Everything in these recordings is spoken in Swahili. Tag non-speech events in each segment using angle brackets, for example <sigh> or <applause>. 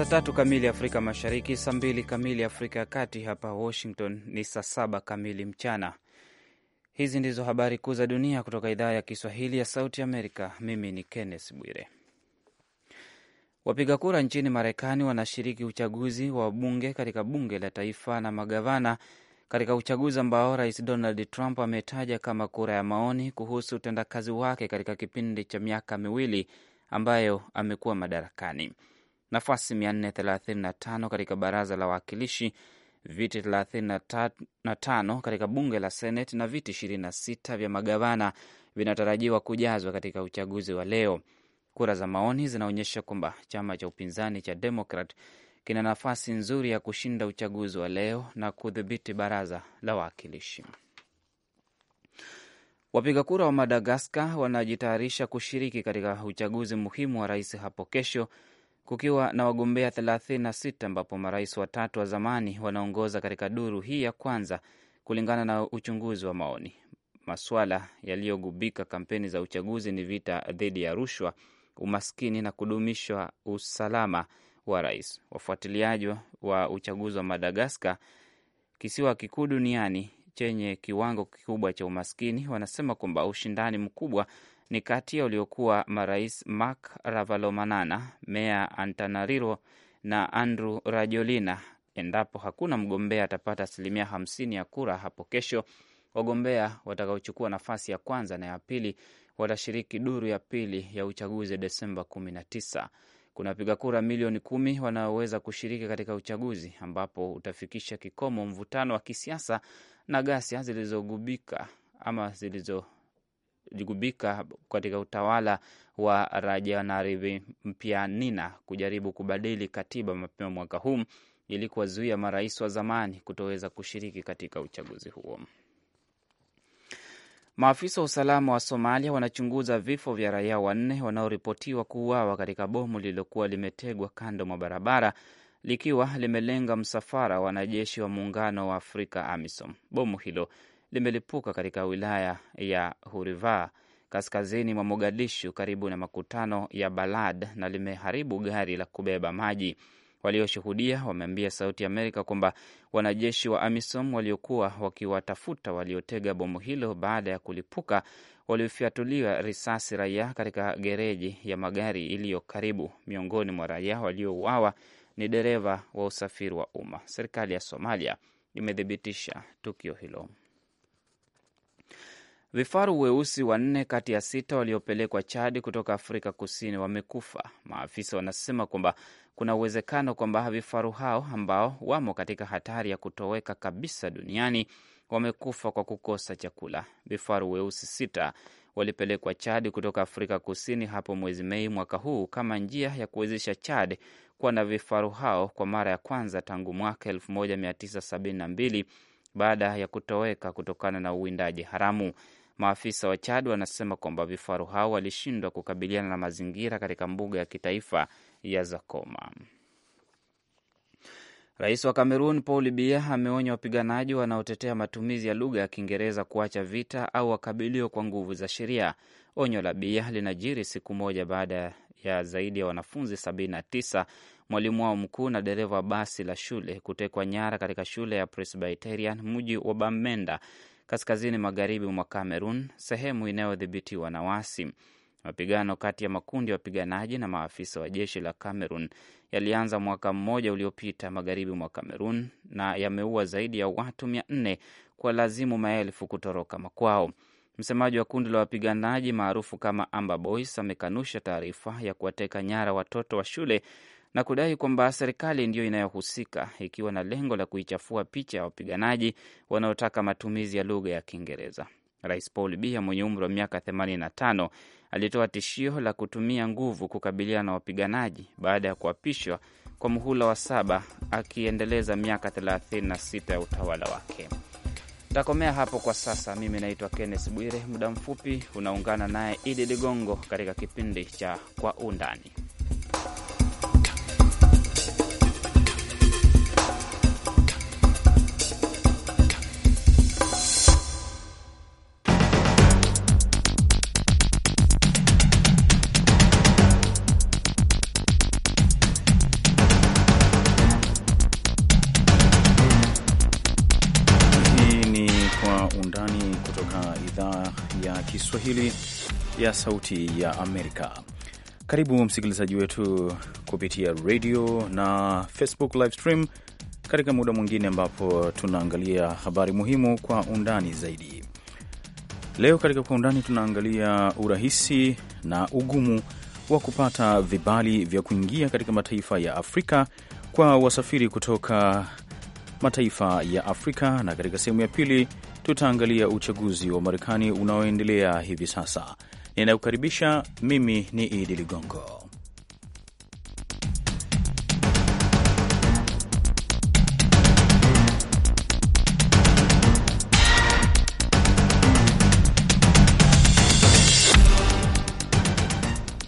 Saa tatu kamili Afrika Mashariki, saa mbili kamili Afrika ya Kati. Hapa Washington ni saa saba kamili mchana. Hizi ndizo habari kuu za dunia kutoka idhaa ya Kiswahili ya Sauti Amerika. Mimi ni Kenneth Bwire. Wapiga kura nchini Marekani wanashiriki uchaguzi wa wabunge katika bunge la taifa na magavana katika uchaguzi ambao Rais Donald Trump ametaja kama kura ya maoni kuhusu utendakazi wake katika kipindi cha miaka miwili ambayo amekuwa madarakani nafasi 435 katika baraza la wawakilishi, viti 35 katika bunge la Seneti na viti 26 vya magavana vinatarajiwa kujazwa katika uchaguzi wa leo. Kura za maoni zinaonyesha kwamba chama cha upinzani cha Demokrat kina nafasi nzuri ya kushinda uchaguzi wa leo na kudhibiti baraza la wawakilishi. Wapiga kura wa Madagaskar wanajitayarisha kushiriki katika uchaguzi muhimu wa rais hapo kesho, kukiwa na wagombea 36 ambapo marais watatu wa zamani wanaongoza katika duru hii ya kwanza, kulingana na uchunguzi wa maoni. Masuala yaliyogubika kampeni za uchaguzi ni vita dhidi ya rushwa, umaskini na kudumisha usalama wa rais. Wafuatiliaji wa uchaguzi wa Madagaskar, kisiwa kikuu duniani chenye kiwango kikubwa cha umaskini, wanasema kwamba ushindani mkubwa ni kati ya waliokuwa marais Marc Ravalomanana, meya Antananarivo na Andrew Rajoelina. Endapo hakuna mgombea atapata asilimia hamsini ya kura hapo kesho, wagombea watakaochukua nafasi ya kwanza na ya pili watashiriki duru ya pili ya uchaguzi Desemba 19. Kuna wapiga kura milioni kumi wanaoweza kushiriki katika uchaguzi ambapo utafikisha kikomo mvutano wa kisiasa na ghasia zilizogubika ama zilizo kujigubika katika utawala wa Rajanarivipyanina kujaribu kubadili katiba mapema mwaka huu ili kuwazuia marais wa zamani kutoweza kushiriki katika uchaguzi huo. Maafisa wa usalama wa Somalia wanachunguza vifo vya raia wanne wanaoripotiwa kuuawa katika bomu lililokuwa limetegwa kando mwa barabara likiwa limelenga msafara wa wanajeshi wa muungano wa Afrika AMISOM. Bomu hilo limelipuka katika wilaya ya Huriva kaskazini mwa Mogadishu karibu na makutano ya Balad na limeharibu gari la kubeba maji. Walioshuhudia wameambia Sauti Amerika kwamba wanajeshi wa AMISOM waliokuwa wakiwatafuta waliotega bomu hilo baada ya kulipuka walifyatuliwa risasi raia katika gereji ya magari iliyo karibu. Miongoni mwa raia waliouawa ni dereva wa usafiri wa umma. Serikali ya Somalia imethibitisha tukio hilo. Vifaru weusi wanne kati ya sita waliopelekwa Chad kutoka Afrika Kusini wamekufa. Maafisa wanasema kwamba kuna uwezekano kwamba vifaru hao ambao wamo katika hatari ya kutoweka kabisa duniani wamekufa kwa kukosa chakula. Vifaru weusi sita walipelekwa Chad kutoka Afrika Kusini hapo mwezi Mei mwaka huu kama njia ya kuwezesha Chad kuwa na vifaru hao kwa mara ya kwanza tangu mwaka 1972 baada ya kutoweka kutokana na uwindaji haramu. Maafisa wa Chad wanasema kwamba vifaru hao walishindwa kukabiliana na mazingira katika mbuga ya kitaifa ya Zakoma. Rais wa Kamerun Paul Biya ameonya wapiganaji wanaotetea matumizi ya lugha ya Kiingereza kuacha vita au wakabiliwe kwa nguvu za sheria. Onyo la Biya linajiri siku moja baada ya zaidi ya wanafunzi 79 mwalimu wao mkuu na dereva wa basi la shule kutekwa nyara katika shule ya Presbyterian mji wa Bamenda kaskazini magharibi mwa Cameroon, sehemu inayodhibitiwa na wasi Mapigano kati ya makundi ya wapiganaji na maafisa wa jeshi la Cameroon yalianza mwaka mmoja uliopita magharibi mwa Cameroon na yameua zaidi ya watu mia nne kwa lazimu maelfu kutoroka makwao. Msemaji wa kundi la wapiganaji maarufu kama Amba Boys amekanusha taarifa ya kuwateka nyara watoto wa shule na kudai kwamba serikali ndiyo inayohusika ikiwa na lengo la kuichafua picha ya wapiganaji wanaotaka matumizi ya lugha ya Kiingereza. Rais Paul Biya mwenye umri wa miaka 85 alitoa tishio la kutumia nguvu kukabiliana na wapiganaji baada ya kuapishwa kwa muhula wa saba akiendeleza miaka 36 ya utawala wake. Takomea hapo kwa sasa. Mimi naitwa Kenneth Bwire. Muda mfupi unaungana naye Idi Ligongo katika kipindi cha Kwa Undani. ya Sauti ya Amerika. Karibu msikilizaji wetu kupitia radio na Facebook live stream katika muda mwingine ambapo tunaangalia habari muhimu kwa undani zaidi. Leo katika kwa undani tunaangalia urahisi na ugumu wa kupata vibali vya kuingia katika mataifa ya Afrika kwa wasafiri kutoka mataifa ya Afrika, na katika sehemu ya pili tutaangalia uchaguzi wa Marekani unaoendelea hivi sasa ninayokaribisha Mimi ni Idi Ligongo.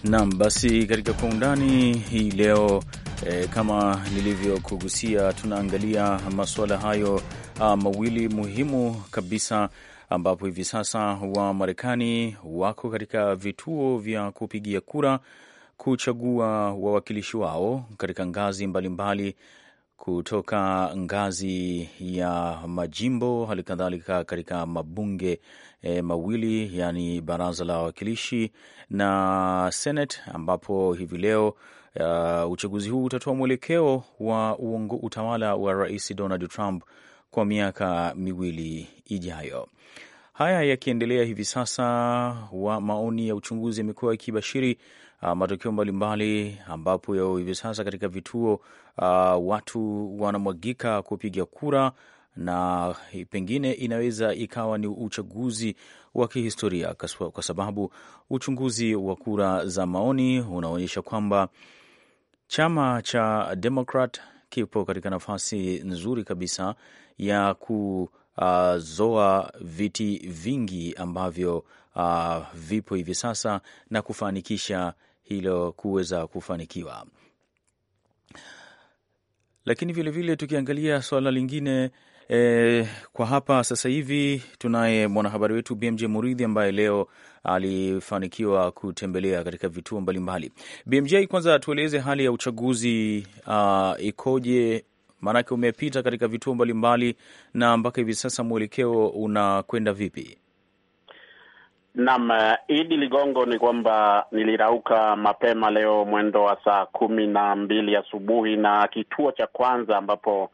Nam, basi katika kwa undani hii leo eh, kama nilivyokugusia tunaangalia masuala hayo ah, mawili muhimu kabisa ambapo hivi sasa Wamarekani wako katika vituo vya kupigia kura kuchagua wawakilishi wao katika ngazi mbalimbali mbali, kutoka ngazi ya majimbo, hali kadhalika katika mabunge e, mawili yaani baraza la wawakilishi na Senate, ambapo hivi leo uh, uchaguzi huu utatoa mwelekeo wa uongo, utawala wa Rais Donald Trump kwa miaka miwili ijayo. Haya yakiendelea hivi sasa, wa maoni ya uchunguzi yamekuwa yakibashiri uh, matokeo mbalimbali, ambapo hivi sasa katika vituo uh, watu wanamwagika kupiga kura na pengine inaweza ikawa ni uchaguzi wa kihistoria kwa sababu uchunguzi wa kura za maoni unaonyesha kwamba chama cha Democrat kipo katika nafasi nzuri kabisa ya kuzoa viti vingi ambavyo uh, vipo hivi sasa na kufanikisha hilo kuweza kufanikiwa. Lakini vilevile vile tukiangalia suala lingine E, kwa hapa sasa hivi tunaye mwanahabari wetu BMJ Muridhi ambaye leo alifanikiwa kutembelea katika vituo mbalimbali. BMJ, kwanza tueleze hali ya uchaguzi uh, ikoje Maanake umepita katika vituo mbalimbali, na mpaka hivi sasa mwelekeo unakwenda vipi? Naam, eh, Idi Ligongo, ni kwamba nilirauka mapema leo mwendo wa saa kumi na mbili asubuhi na kituo cha kwanza ambapo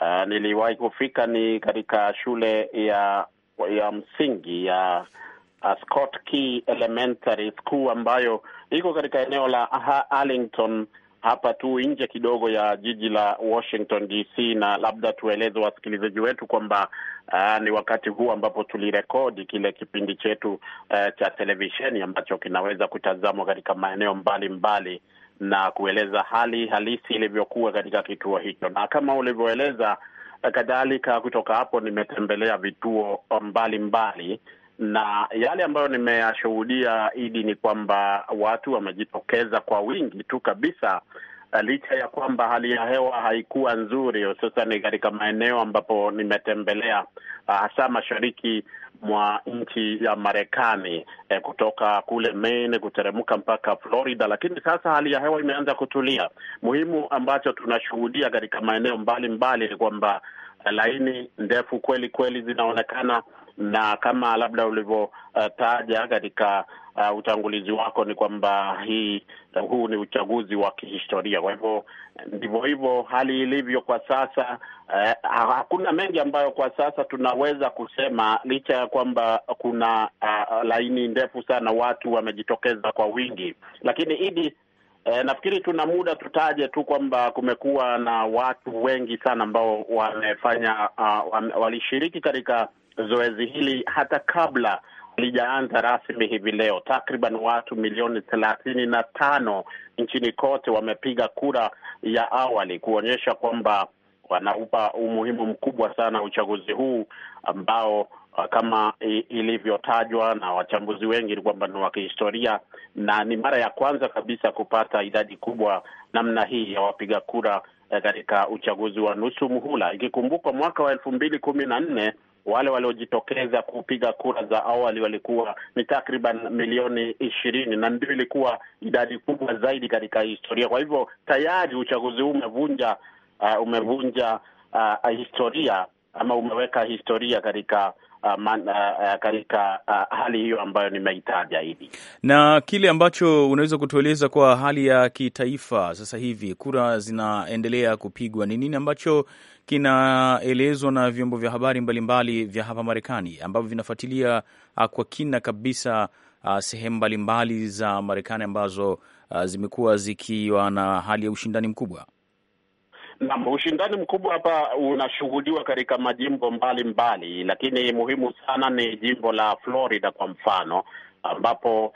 uh, niliwahi kufika ni katika shule ya ya msingi ya uh, Scott Key Elementary School ambayo iko katika eneo la Arlington hapa tu nje kidogo ya jiji la Washington DC, na labda tueleze wasikilizaji wetu kwamba uh, ni wakati huu ambapo tulirekodi kile kipindi chetu uh, cha televisheni ambacho kinaweza kutazamwa katika maeneo mbalimbali na kueleza hali halisi ilivyokuwa katika kituo hicho, na kama ulivyoeleza eh, kadhalika, kutoka hapo nimetembelea vituo mbalimbali mbali na yale ambayo nimeyashuhudia Idi ni kwamba watu wamejitokeza kwa wingi tu kabisa, eh, licha ya kwamba hali ya hewa haikuwa nzuri, hususan katika maeneo ambapo nimetembelea, eh, hasa mashariki mwa nchi ya Marekani eh, kutoka kule Maine kuteremka mpaka Florida, lakini sasa hali ya hewa imeanza kutulia. Muhimu ambacho tunashuhudia katika maeneo mbalimbali ni kwamba eh, laini ndefu kweli kweli zinaonekana na kama labda ulivyotaja uh, katika uh, utangulizi wako ni kwamba hii uh, huu ni uchaguzi wa kihistoria. Kwa hivyo ndivyo hivyo hali ilivyo kwa sasa. Uh, hakuna mengi ambayo kwa sasa tunaweza kusema, licha ya kwamba kuna uh, laini ndefu sana, watu wamejitokeza kwa wingi, lakini idi E, nafikiri tuna muda tutaje tu kwamba kumekuwa na watu wengi sana ambao wamefanya uh, walishiriki katika zoezi hili hata kabla lijaanza rasmi hivi leo. Takriban watu milioni thelathini na tano nchini kote wamepiga kura ya awali kuonyesha kwamba wanaupa umuhimu mkubwa sana uchaguzi huu ambao uh, kama ilivyotajwa na wachambuzi wengi ni kwamba ni wa kihistoria na ni mara ya kwanza kabisa kupata idadi kubwa namna hii ya wapiga kura uh, katika uchaguzi wa nusu muhula, ikikumbukwa mwaka wa elfu mbili kumi na nne wale waliojitokeza kupiga kura za awali walikuwa ni takriban milioni ishirini na ndio ilikuwa idadi kubwa zaidi katika historia. Kwa hivyo tayari uchaguzi huu umevunja uh, umevunja uh, historia ama umeweka historia katika uh, man, uh, uh, katika uh, hali hiyo ambayo nimeitaja hivi, na kile ambacho unaweza kutueleza kwa hali ya kitaifa sasa hivi, kura zinaendelea kupigwa, ni nini ambacho kinaelezwa na vyombo vya habari mbalimbali vya hapa Marekani ambavyo vinafuatilia uh, kwa kina kabisa uh, sehemu mbalimbali za Marekani ambazo uh, zimekuwa zikiwa na hali ya ushindani mkubwa? Naam, ushindani mkubwa hapa unashuhudiwa katika majimbo mbalimbali mbali, lakini muhimu sana ni jimbo la Florida kwa mfano ambapo uh,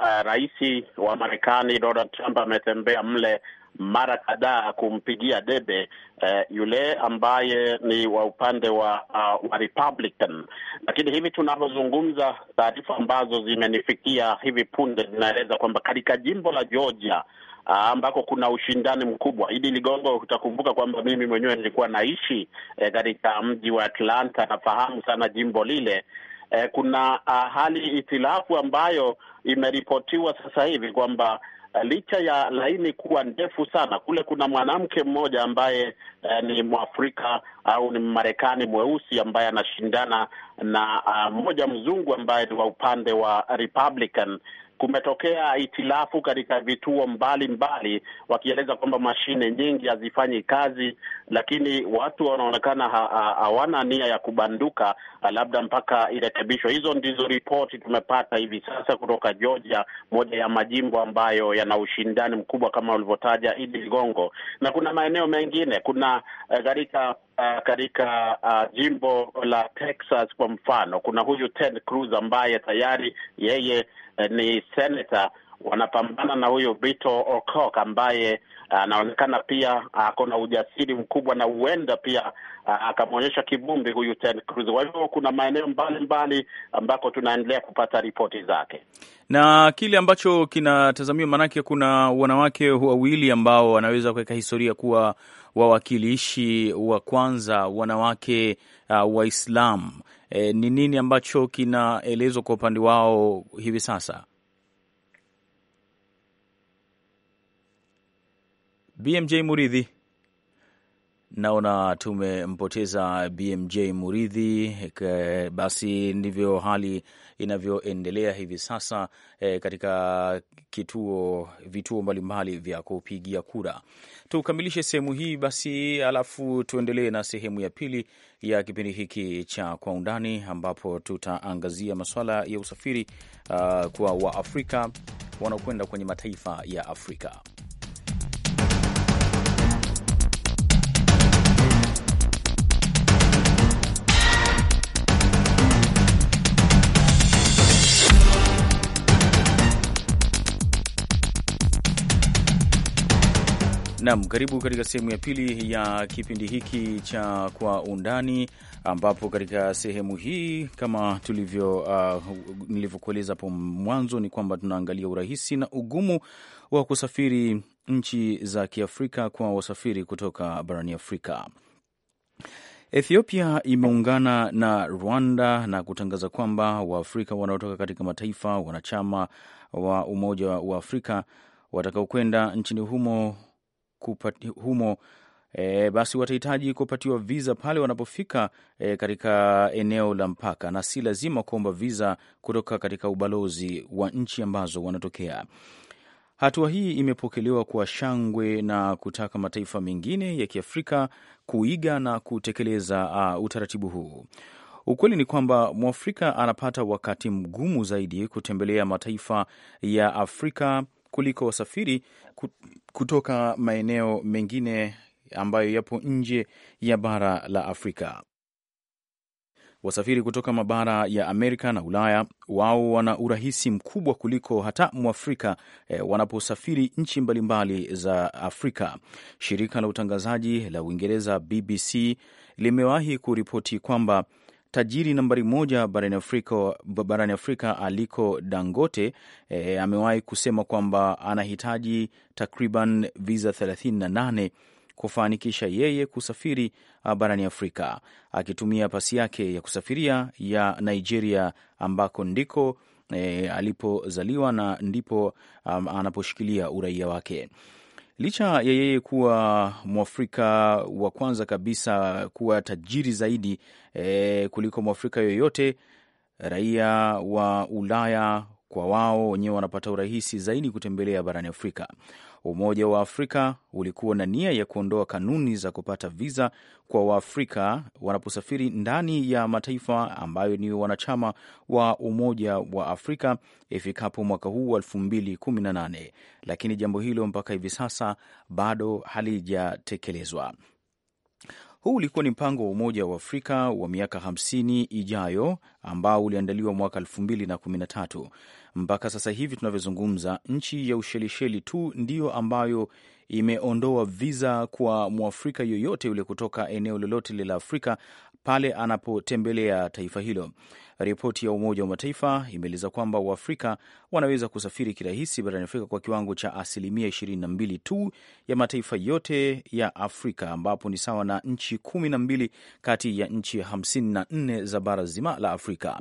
uh, rais wa Marekani Donald Trump ametembea mle mara kadhaa kumpigia debe uh, yule ambaye ni wa upande wa, uh, wa Republican. Lakini hivi tunavyozungumza, taarifa ambazo zimenifikia hivi punde zinaeleza kwamba katika jimbo la Georgia Ah, ambako kuna ushindani mkubwa. Idi Ligongo, utakumbuka kwamba mimi mwenyewe nilikuwa naishi eh, katika mji wa Atlanta, nafahamu sana jimbo lile. E, kuna ah, hali itilafu ambayo imeripotiwa sasa hivi kwamba eh, licha ya laini kuwa ndefu sana kule, kuna mwanamke mmoja ambaye eh, ni Mwafrika au ni Mmarekani mweusi ambaye anashindana na ah, mmoja uh, mzungu ambaye ni wa upande wa Republican kumetokea itilafu katika vituo mbalimbali, wakieleza kwamba mashine nyingi hazifanyi kazi, lakini watu wanaonekana hawana ha, nia ya kubanduka, labda mpaka irekebishwe. Hizo ndizo ripoti tumepata hivi sasa kutoka Georgia, moja ya majimbo ambayo yana ushindani mkubwa kama ulivyotaja Idi Ligongo, na kuna maeneo mengine, kuna eh, katika uh, Uh, katika uh, jimbo la Texas kwa mfano, kuna huyu Ted Cruz ambaye tayari yeye uh, ni senata Wanapambana na huyu Beto O'Rourke ambaye uh, anaonekana uh, pia ako uh, na ujasiri mkubwa na huenda pia akamwonyesha kibumbi huyu Ted Cruz. Kwa hivyo kuna maeneo mbalimbali ambako tunaendelea kupata ripoti zake na kile ambacho kinatazamiwa, maanake kuna wanawake wawili ambao wanaweza kuweka historia kuwa wawakilishi wa kwanza wanawake uh, E, Ni nini ambacho kinaelezwa kwa upande wao hivi sasa? BMJ Muridhi. Naona tumempoteza BMJ Muridhi. Basi ndivyo hali inavyoendelea hivi sasa e, katika kituo vituo mbalimbali vya kupigia kura. Tukamilishe sehemu hii basi, alafu tuendelee na sehemu ya pili ya kipindi hiki cha Kwa Undani, ambapo tutaangazia masuala ya usafiri uh, kwa Waafrika wanaokwenda kwenye mataifa ya Afrika. Naam, karibu katika sehemu ya pili ya kipindi hiki cha Kwa Undani, ambapo katika sehemu hii kama tulivyo uh, nilivyokueleza hapo mwanzo ni kwamba tunaangalia urahisi na ugumu wa kusafiri nchi za Kiafrika kwa wasafiri kutoka barani Afrika. Ethiopia imeungana na Rwanda na kutangaza kwamba Waafrika wanaotoka katika mataifa wanachama wa Umoja wa Afrika watakaokwenda nchini humo kupati, humo e, basi watahitaji kupatiwa viza pale wanapofika e, katika eneo la mpaka na si lazima kuomba viza kutoka katika ubalozi wa nchi ambazo wanatokea. Hatua hii imepokelewa kwa shangwe na kutaka mataifa mengine ya Kiafrika kuiga na kutekeleza uh, utaratibu huu. Ukweli ni kwamba Mwafrika anapata wakati mgumu zaidi kutembelea mataifa ya Afrika kuliko wasafiri kutoka maeneo mengine ambayo yapo nje ya bara la Afrika. Wasafiri kutoka mabara ya Amerika na Ulaya wao wana urahisi mkubwa kuliko hata Mwafrika e, wanaposafiri nchi mbalimbali za Afrika. Shirika la utangazaji la Uingereza BBC limewahi kuripoti kwamba tajiri nambari moja barani Afrika, barani Afrika Aliko Dangote e, amewahi kusema kwamba anahitaji takriban visa 38 kufanikisha yeye kusafiri barani Afrika akitumia pasi yake ya kusafiria ya Nigeria ambako ndiko e, alipozaliwa na ndipo um, anaposhikilia uraia wake. Licha ya yeye kuwa mwafrika wa kwanza kabisa kuwa tajiri zaidi e, kuliko mwafrika yoyote, raia wa Ulaya kwa wao wenyewe wanapata urahisi zaidi kutembelea barani Afrika. Umoja wa Afrika ulikuwa na nia ya kuondoa kanuni za kupata viza kwa Waafrika wanaposafiri ndani ya mataifa ambayo ni wanachama wa Umoja wa Afrika ifikapo mwaka huu wa 2018 lakini jambo hilo mpaka hivi sasa bado halijatekelezwa. Huu ulikuwa ni mpango wa Umoja wa Afrika wa miaka 50 ijayo ambao uliandaliwa mwaka 2013 mpaka sasa hivi tunavyozungumza, nchi ya Ushelisheli tu ndiyo ambayo imeondoa viza kwa mwafrika yoyote yule kutoka eneo lolote lile la Afrika pale anapotembelea taifa hilo. Ripoti ya Umoja wa Mataifa imeeleza kwamba Waafrika wanaweza kusafiri kirahisi barani Afrika kwa kiwango cha asilimia 22 tu ya mataifa yote ya Afrika, ambapo ni sawa na nchi 12 kati ya nchi 54 za bara zima la Afrika.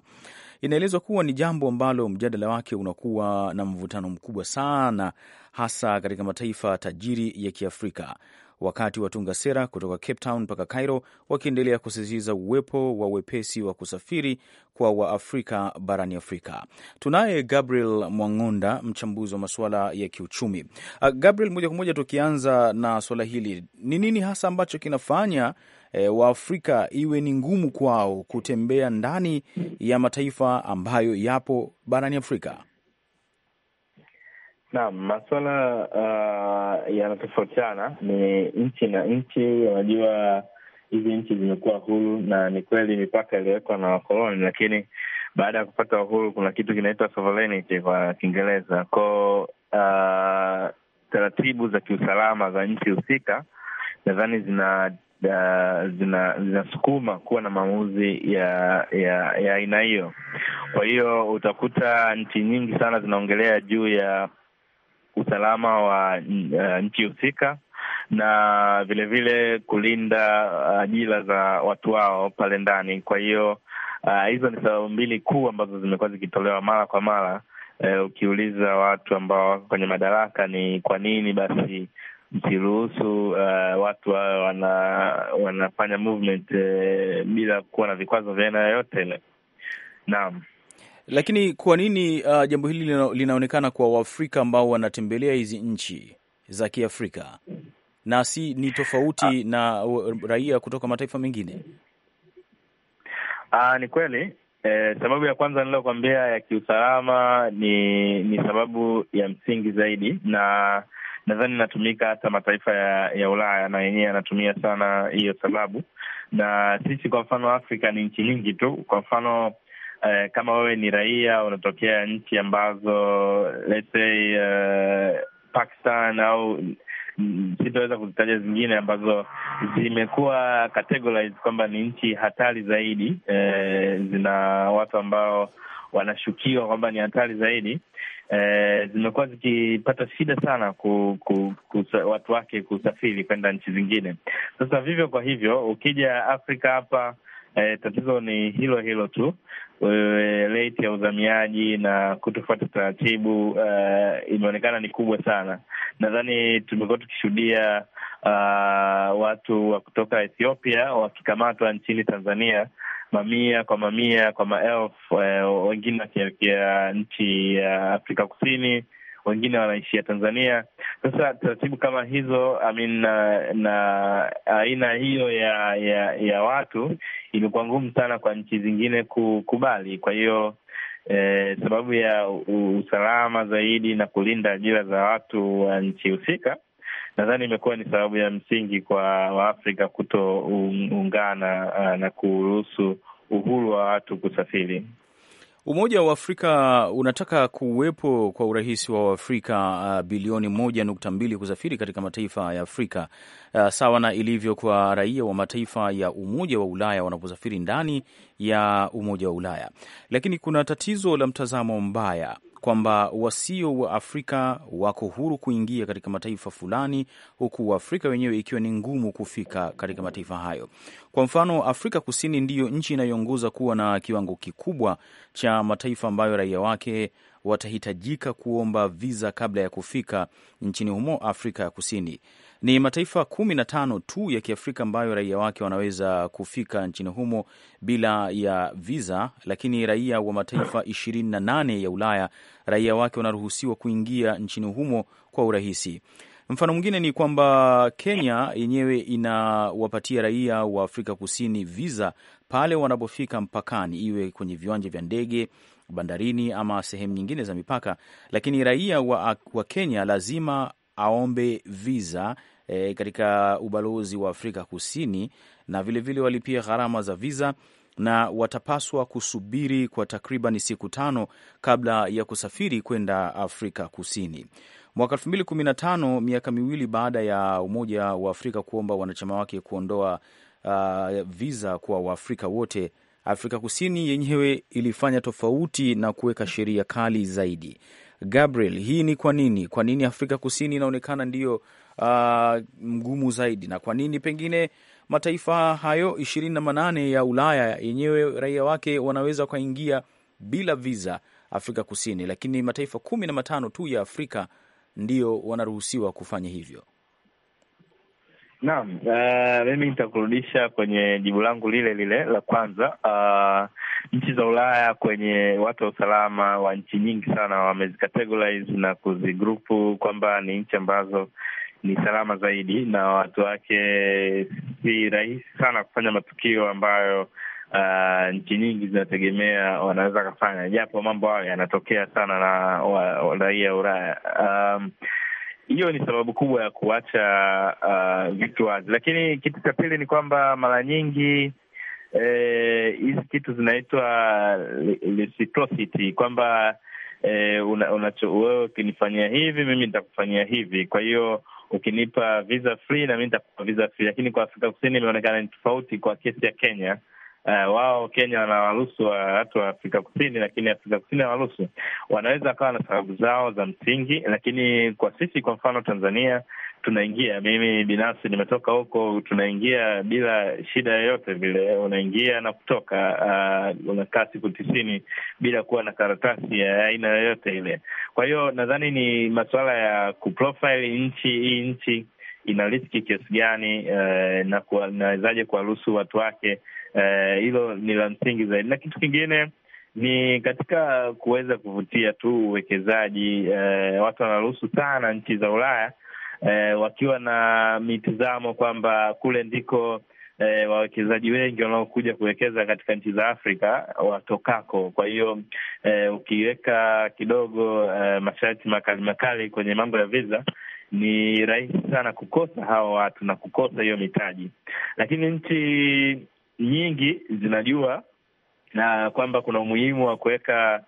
Inaelezwa kuwa ni jambo ambalo mjadala wake unakuwa na mvutano mkubwa sana, hasa katika mataifa tajiri ya Kiafrika wakati watunga sera kutoka Cape Town mpaka Cairo wakiendelea kusisitiza uwepo wa wepesi wa kusafiri kwa Waafrika barani Afrika. Tunaye Gabriel Mwang'onda, mchambuzi wa masuala ya kiuchumi. Uh, Gabriel, moja kwa moja tukianza na suala hili, ni nini hasa ambacho kinafanya e, Waafrika iwe ni ngumu kwao kutembea ndani ya mataifa ambayo yapo barani Afrika? Naam, maswala uh, yanatofautiana ni nchi na nchi. Unajua, hizi nchi zimekuwa huru, na ni kweli mipaka iliwekwa na wakoloni, lakini baada ya kupata uhuru kuna kitu kinaitwa sovereignty kwa Kiingereza ko uh, taratibu za kiusalama za nchi husika nadhani zina uh, zina zinasukuma kuwa na maamuzi ya ya aina hiyo. Kwa hiyo utakuta nchi nyingi sana zinaongelea juu ya usalama wa uh, nchi husika na vilevile kulinda eh, ajira za watu wao pale ndani. Kwa hiyo uh, hizo ni sababu mbili kuu ambazo zimekuwa zikitolewa mara kwa mara. Uh, ukiuliza watu ambao wako kwenye madaraka ni kwa nini basi msiruhusu uh, watu wao wana, wanafanya movement uh, bila kuwa na vikwazo vya aina yoyote ile. Naam. Lakini kwa nini uh, jambo hili linaonekana kwa Waafrika ambao wanatembelea hizi nchi za Kiafrika na si ni tofauti ah, na uh, raia kutoka mataifa mengine? Ah, ni kweli eh, sababu ya kwanza nilokuambia ya kiusalama ni ni sababu ya msingi zaidi, na nadhani inatumika hata mataifa ya, ya Ulaya na yenyewe yanatumia sana hiyo sababu, na sisi kwa mfano Afrika ni nchi nyingi tu, kwa mfano eh, kama wewe ni raia unatokea nchi ambazo let's say uh, Pakistan au mm, sitaweza kuzitaja zingine ambazo zimekuwa categorized kwamba ni nchi hatari zaidi, eh, zina watu ambao wanashukiwa kwamba ni hatari zaidi. Eh, zimekuwa zikipata shida sana ku, ku, ku, watu wake kusafiri kwenda nchi zingine. Sasa vivyo kwa hivyo, ukija Afrika hapa eh, tatizo ni hilo hilo tu eh, rate ya uzamiaji na kutofuata taratibu uh, imeonekana ni kubwa sana. Nadhani tumekuwa tukishuhudia uh, watu wa kutoka Ethiopia wakikamatwa nchini Tanzania mamia kwa mamia kwa maelfu, eh, wengine wakielekea nchi ya Afrika Kusini wengine wanaishia Tanzania. Sasa taratibu kama hizo I mean, na, na aina hiyo ya ya, ya watu imekuwa ngumu sana kwa nchi zingine kukubali. Kwa hiyo eh, sababu ya usalama zaidi na kulinda ajira za watu wa nchi husika nadhani imekuwa ni sababu ya msingi kwa Waafrika kutoungana ah, na kuruhusu uhuru wa watu kusafiri. Umoja wa Afrika unataka kuwepo kwa urahisi wa Waafrika uh, bilioni moja nukta mbili kusafiri katika mataifa ya Afrika uh, sawa na ilivyo kwa raia wa mataifa ya Umoja wa Ulaya wanaposafiri ndani ya Umoja wa Ulaya, lakini kuna tatizo la mtazamo mbaya kwamba wasio wa Afrika wako huru kuingia katika mataifa fulani, huku Waafrika wenyewe ikiwa ni ngumu kufika katika mataifa hayo. Kwa mfano, Afrika Kusini ndiyo nchi inayoongoza kuwa na kiwango kikubwa cha mataifa ambayo raia wake watahitajika kuomba viza kabla ya kufika nchini humo Afrika ya Kusini. Ni mataifa kumi na tano tu ya Kiafrika ambayo raia wake wanaweza kufika nchini humo bila ya viza, lakini raia wa mataifa <coughs> ishirini na nane ya Ulaya raia wake wanaruhusiwa kuingia nchini humo kwa urahisi. Mfano mwingine ni kwamba Kenya yenyewe inawapatia raia wa Afrika Kusini viza pale wanapofika mpakani, iwe kwenye viwanja vya ndege, bandarini ama sehemu nyingine za mipaka, lakini raia wa, wa Kenya lazima aombe viza e, katika ubalozi wa Afrika Kusini, na vilevile walipia gharama za viza na watapaswa kusubiri kwa takriban siku tano kabla ya kusafiri kwenda Afrika Kusini. Mwaka 2015 miaka miwili baada ya Umoja wa Afrika kuomba wanachama wake kuondoa uh, viza kwa Waafrika wote, Afrika Kusini yenyewe ilifanya tofauti na kuweka sheria kali zaidi. Gabriel, hii ni kwa nini? Kwa nini Afrika Kusini inaonekana ndiyo uh, mgumu zaidi, na kwa nini pengine mataifa hayo ishirini na manane ya Ulaya yenyewe raia wake wanaweza wakaingia bila viza Afrika Kusini, lakini mataifa kumi na matano tu ya Afrika ndiyo wanaruhusiwa kufanya hivyo. Naam, uh, mimi nitakurudisha kwenye jibu langu lile lile la kwanza. Uh, nchi za Ulaya kwenye watu wa usalama wa nchi nyingi sana wamezikategorize na kuzigrupu kwamba ni nchi ambazo ni salama zaidi na watu wake si rahisi sana kufanya matukio ambayo Uh, nchi nyingi zinategemea wanaweza wakafanya, japo mambo hayo yanatokea sana na raia Ulaya. Um, hiyo ni sababu kubwa ya kuacha uh, vitu wazi, lakini kitu cha pili ni kwamba mara nyingi eh, hizi eh, kitu zinaitwa reciprocity kwamba eh, wewe ukinifanyia hivi mimi nitakufanyia hivi, kwa hiyo ukinipa visa free na mi nitakupa visa free, lakini kwa Afrika Kusini imeonekana ni tofauti kwa kesi ya Kenya. Uh, wao Kenya wanawaruhusu watu wa Afrika Kusini, lakini Afrika Kusini hawaruhusu. Wanaweza wakawa na sababu zao za msingi, lakini kwa sisi, kwa mfano Tanzania, tunaingia. Mimi binafsi nimetoka huko, tunaingia bila shida yoyote vile, unaingia na kutoka. Uh, ah, unakaa siku tisini bila kuwa na karatasi ya aina yoyote ile. Kwa hiyo nadhani ni masuala ya kuprofile nchi hii nchi ina riski kiasi gani, eh, na inawezaje kuwaruhusu watu wake. Eh, hilo eh, ni la msingi zaidi, na kitu kingine ni katika kuweza kuvutia tu uwekezaji eh, watu wanaruhusu sana nchi za Ulaya eh, wakiwa na mitizamo kwamba kule ndiko e, eh, wawekezaji wengi wanaokuja kuwekeza katika nchi za Afrika watokako. Kwa hiyo e, ukiweka kidogo e, masharti makali makali kwenye mambo ya viza ni rahisi sana kukosa hawa watu na kukosa hiyo mitaji, lakini nchi nyingi zinajua na ah, kwamba kuna umuhimu wa kuweka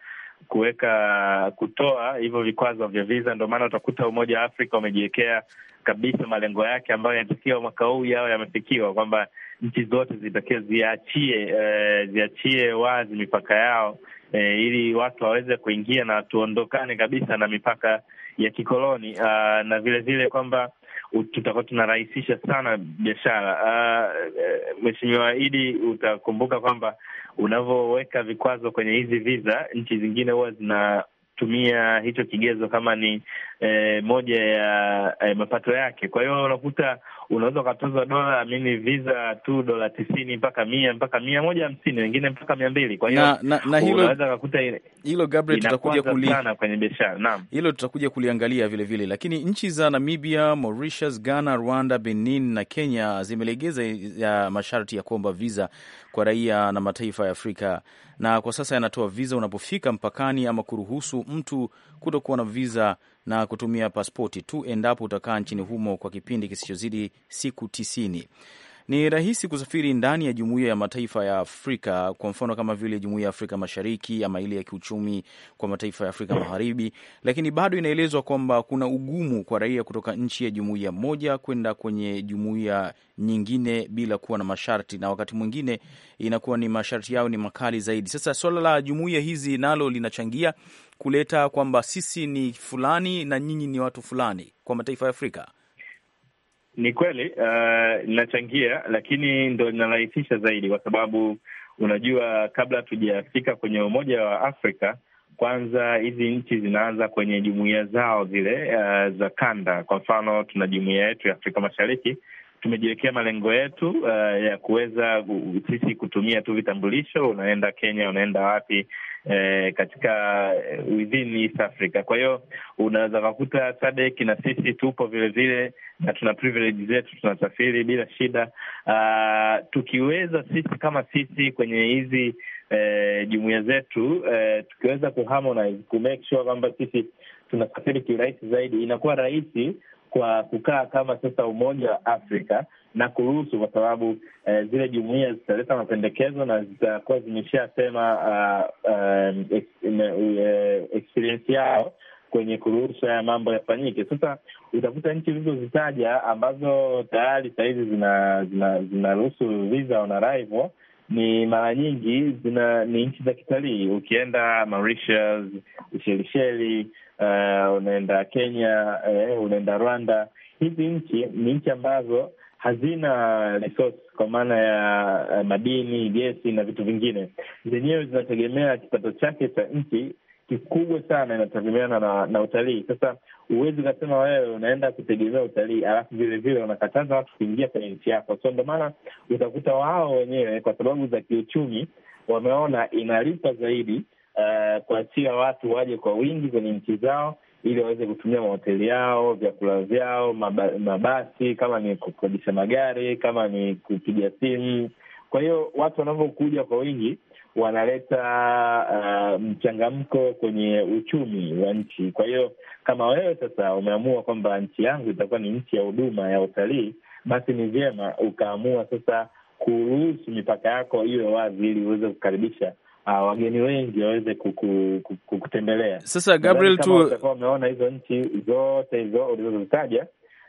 kuweka kutoa hivyo vikwazo vya viza. Ndio maana utakuta Umoja wa Afrika umejiwekea kabisa malengo yake ambayo yanatakiwa mwaka huu yao yamefikiwa, kwamba nchi zote zitakiwa ziachie e, ziachie wazi mipaka yao e, ili watu waweze kuingia na tuondokane kabisa na mipaka ya kikoloni uh, na vilevile kwamba tutakuwa tunarahisisha sana biashara. Uh, Mheshimiwa Idi, utakumbuka kwamba unavyoweka vikwazo kwenye hizi viza, nchi zingine huwa zinatumia hicho kigezo kama ni eh, moja ya eh, mapato yake. Kwa hiyo unakuta unaweza ukatoza dola mini visa tu dola tisini mpaka mia mpaka mia moja hamsini wengine mpaka mia mbili. Kwa hiyo na, na, na hilo, unaweza hilo Gabriel, tutakuja kuli sana kwenye biashara. Naam, hilo tutakuja kuliangalia vile vile, lakini nchi za Namibia, Mauritius, Ghana, Rwanda, Benin na Kenya zimelegeza ya masharti ya kuomba visa kwa raia na mataifa ya Afrika na kwa sasa yanatoa visa unapofika mpakani ama kuruhusu mtu kutokuwa na visa na kutumia paspoti tu endapo utakaa nchini humo kwa kipindi kisichozidi siku tisini. Ni rahisi kusafiri ndani ya jumuiya ya mataifa ya Afrika, kwa mfano kama vile jumuiya ya Afrika Mashariki ama ile ya kiuchumi kwa mataifa ya Afrika Magharibi, lakini bado inaelezwa kwamba kuna ugumu kwa raia kutoka nchi ya jumuiya moja kwenda kwenye jumuiya nyingine bila kuwa na masharti, na wakati mwingine inakuwa ni masharti yao ni makali zaidi. Sasa swala la jumuiya hizi nalo linachangia kuleta kwamba sisi ni fulani na nyinyi ni watu fulani kwa mataifa ya Afrika. Ni kweli uh, lakini ndo linarahisisha zaidi, kwa sababu unajua, kabla hatujafika kwenye Umoja wa Afrika, kwanza hizi nchi zinaanza kwenye jumuia zao zile uh, za kanda. Kwa mfano, tuna jumuia yetu ya Afrika Mashariki, tumejiwekea malengo yetu uh, ya kuweza sisi kutumia tu vitambulisho. Unaenda Kenya, unaenda wapi eh, katika eh, within East Africa. Kwa hiyo unaweza kakuta SADC na sisi tupo vilevile na tuna privilege zetu, tunasafiri bila shida. Uh, tukiweza sisi kama sisi kwenye hizi eh, jumuia zetu eh, tukiweza kuharmonize kumake sure kwamba sisi tunasafiri kirahisi zaidi, inakuwa rahisi kwa kukaa kama sasa Umoja wa Afrika na kuruhusu kwa sababu eh, zile jumuia zitaleta mapendekezo na zitakuwa zimeshasema uh, ah, uh, ah, eh, experience yao kwenye kuruhusu haya mambo yafanyike. Sasa utakuta nchi ulizozitaja ambazo tayari sahizi zinaruhusu zina, zina visa on arrival ni mara nyingi zina ni nchi za kitalii. Ukienda Mauritius, Ushelisheli, uh, unaenda Kenya, uh, unaenda Rwanda, hizi nchi ni nchi ambazo hazina resource kwa maana ya eh, madini, gesi na vitu vingine. Zenyewe zinategemea kipato chake cha nchi kikubwa sana inategemeana na na utalii. Sasa huwezi ukasema wewe unaenda kutegemea utalii alafu vilevile unakataza watu kuingia kwenye nchi yako, so ndo maana utakuta wao wenyewe kwa sababu za kiuchumi wameona inalipa zaidi uh, kuachia watu waje kwa wingi kwenye nchi zao ili waweze kutumia mahoteli yao, vyakula vyao, mabasi, kama ni kukodisha magari, kama ni kupiga simu. Kwa hiyo watu wanavyokuja kwa wingi wanaleta uh, mchangamko kwenye uchumi wa nchi. Kwa hiyo kama wewe sasa umeamua kwamba nchi yangu itakuwa ni nchi ya huduma ya utalii, basi ni vyema ukaamua sasa kuruhusu mipaka yako iwe wazi ili uweze kukaribisha Uh, wageni wengi waweze kukutembelea. Sasa Gabriel tu, umeona hizo nchi zote hizo ulizozitaja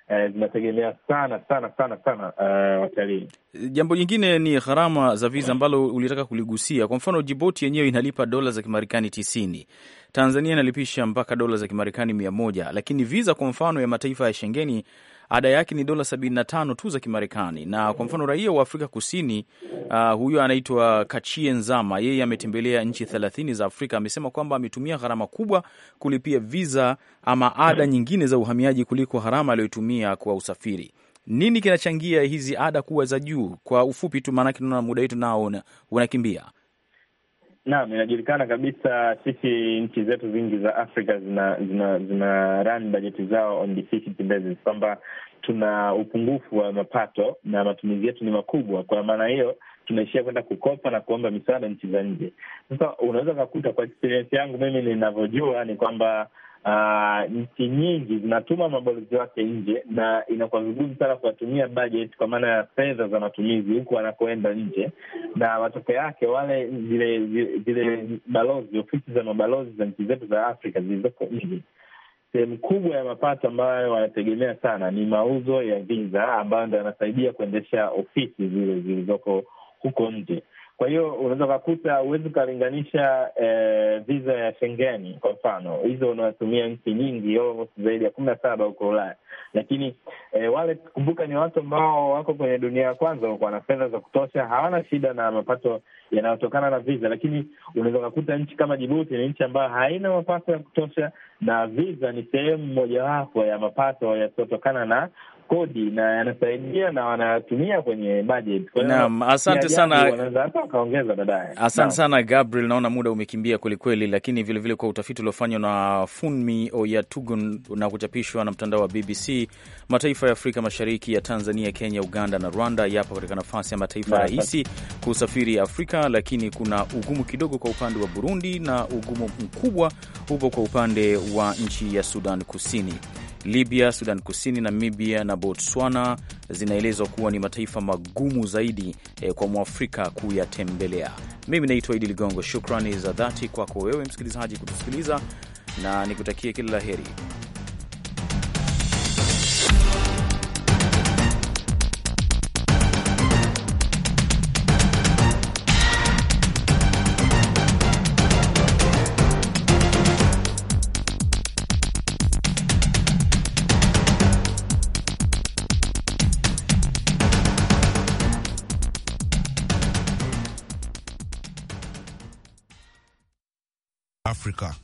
Eh, zinategemea eh, sana sana sana sana uh, watalii. Jambo jingine ni gharama za viza ambalo ulitaka kuligusia. Kwa mfano, jiboti yenyewe inalipa dola za Kimarekani tisini, Tanzania inalipisha mpaka dola za Kimarekani mia moja, lakini viza kwa mfano ya mataifa ya Shengeni ada yake ni dola 75 tu za Kimarekani. Na kwa mfano raia wa Afrika Kusini uh, huyo anaitwa Kachie Nzama, yeye ametembelea nchi 30 za Afrika, amesema kwamba ametumia gharama kubwa kulipia visa ama ada nyingine za uhamiaji kuliko gharama aliyotumia kwa usafiri. Nini kinachangia hizi ada kuwa za juu? Kwa ufupi tu, maanake naona muda wetu nao unakimbia. Naam, inajulikana kabisa. Sisi nchi zetu zingi za Afrika zina zina, zina run bajeti zao on deficit basis, kwamba tuna upungufu wa mapato na matumizi yetu ni makubwa. Kwa maana hiyo tunaishia kwenda kukopa na kuomba misaada nchi za nje. Sasa unaweza ukakuta, kwa experience yangu mimi ninavyojua, ni kwamba uh, nchi nyingi zinatuma mabalozi wake nje na inakuwa vigumu sana kuwatumia bajeti kwa maana ya fedha za matumizi huku wanakoenda nje, na matokeo yake wale zile zile balozi, ofisi za mabalozi za nchi zetu za Afrika zilizoko nje sehemu kubwa ya mapato ambayo wanategemea sana ni mauzo ya viza ambayo ndo yanasaidia kuendesha ofisi zile zilizoko huko nje. Kwa hiyo unaweza ukakuta huwezi ukalinganisha eh, viza ya Shengeni kwa mfano, hizo unaotumia nchi nyingi zaidi ya kumi na saba huko Ulaya, lakini eh, wale kumbuka, ni watu ambao wako kwenye dunia ya kwanza wako wana fedha za kutosha, hawana shida na mapato yanayotokana na viza. Lakini unaweza ukakuta nchi kama Jibuti ni nchi ambayo haina mapato ya kutosha, na viza ni sehemu mojawapo ya mapato yasiyotokana na kodi na yanasaidia na wanatumia kwenye budget. Naam, asante sana, wanaweza hata wakaongeza baadaye. Asante sana Gabriel, naona muda umekimbia kwelikweli, lakini vilevile vile kwa utafiti uliofanywa na Funmi Oyatugun na kuchapishwa na mtandao wa BBC, mataifa ya Afrika Mashariki ya Tanzania, Kenya, Uganda na Rwanda yapo katika nafasi ya mataifa rahisi kusafiri Afrika, lakini kuna ugumu kidogo kwa upande wa Burundi na ugumu mkubwa upo kwa upande wa nchi ya Sudan Kusini. Libya, Sudan Kusini, Namibia na Botswana zinaelezwa kuwa ni mataifa magumu zaidi eh, kwa mwafrika kuyatembelea. Mimi naitwa Idi Ligongo, shukrani za dhati kwako wewe msikilizaji kutusikiliza na nikutakie kila la heri. África.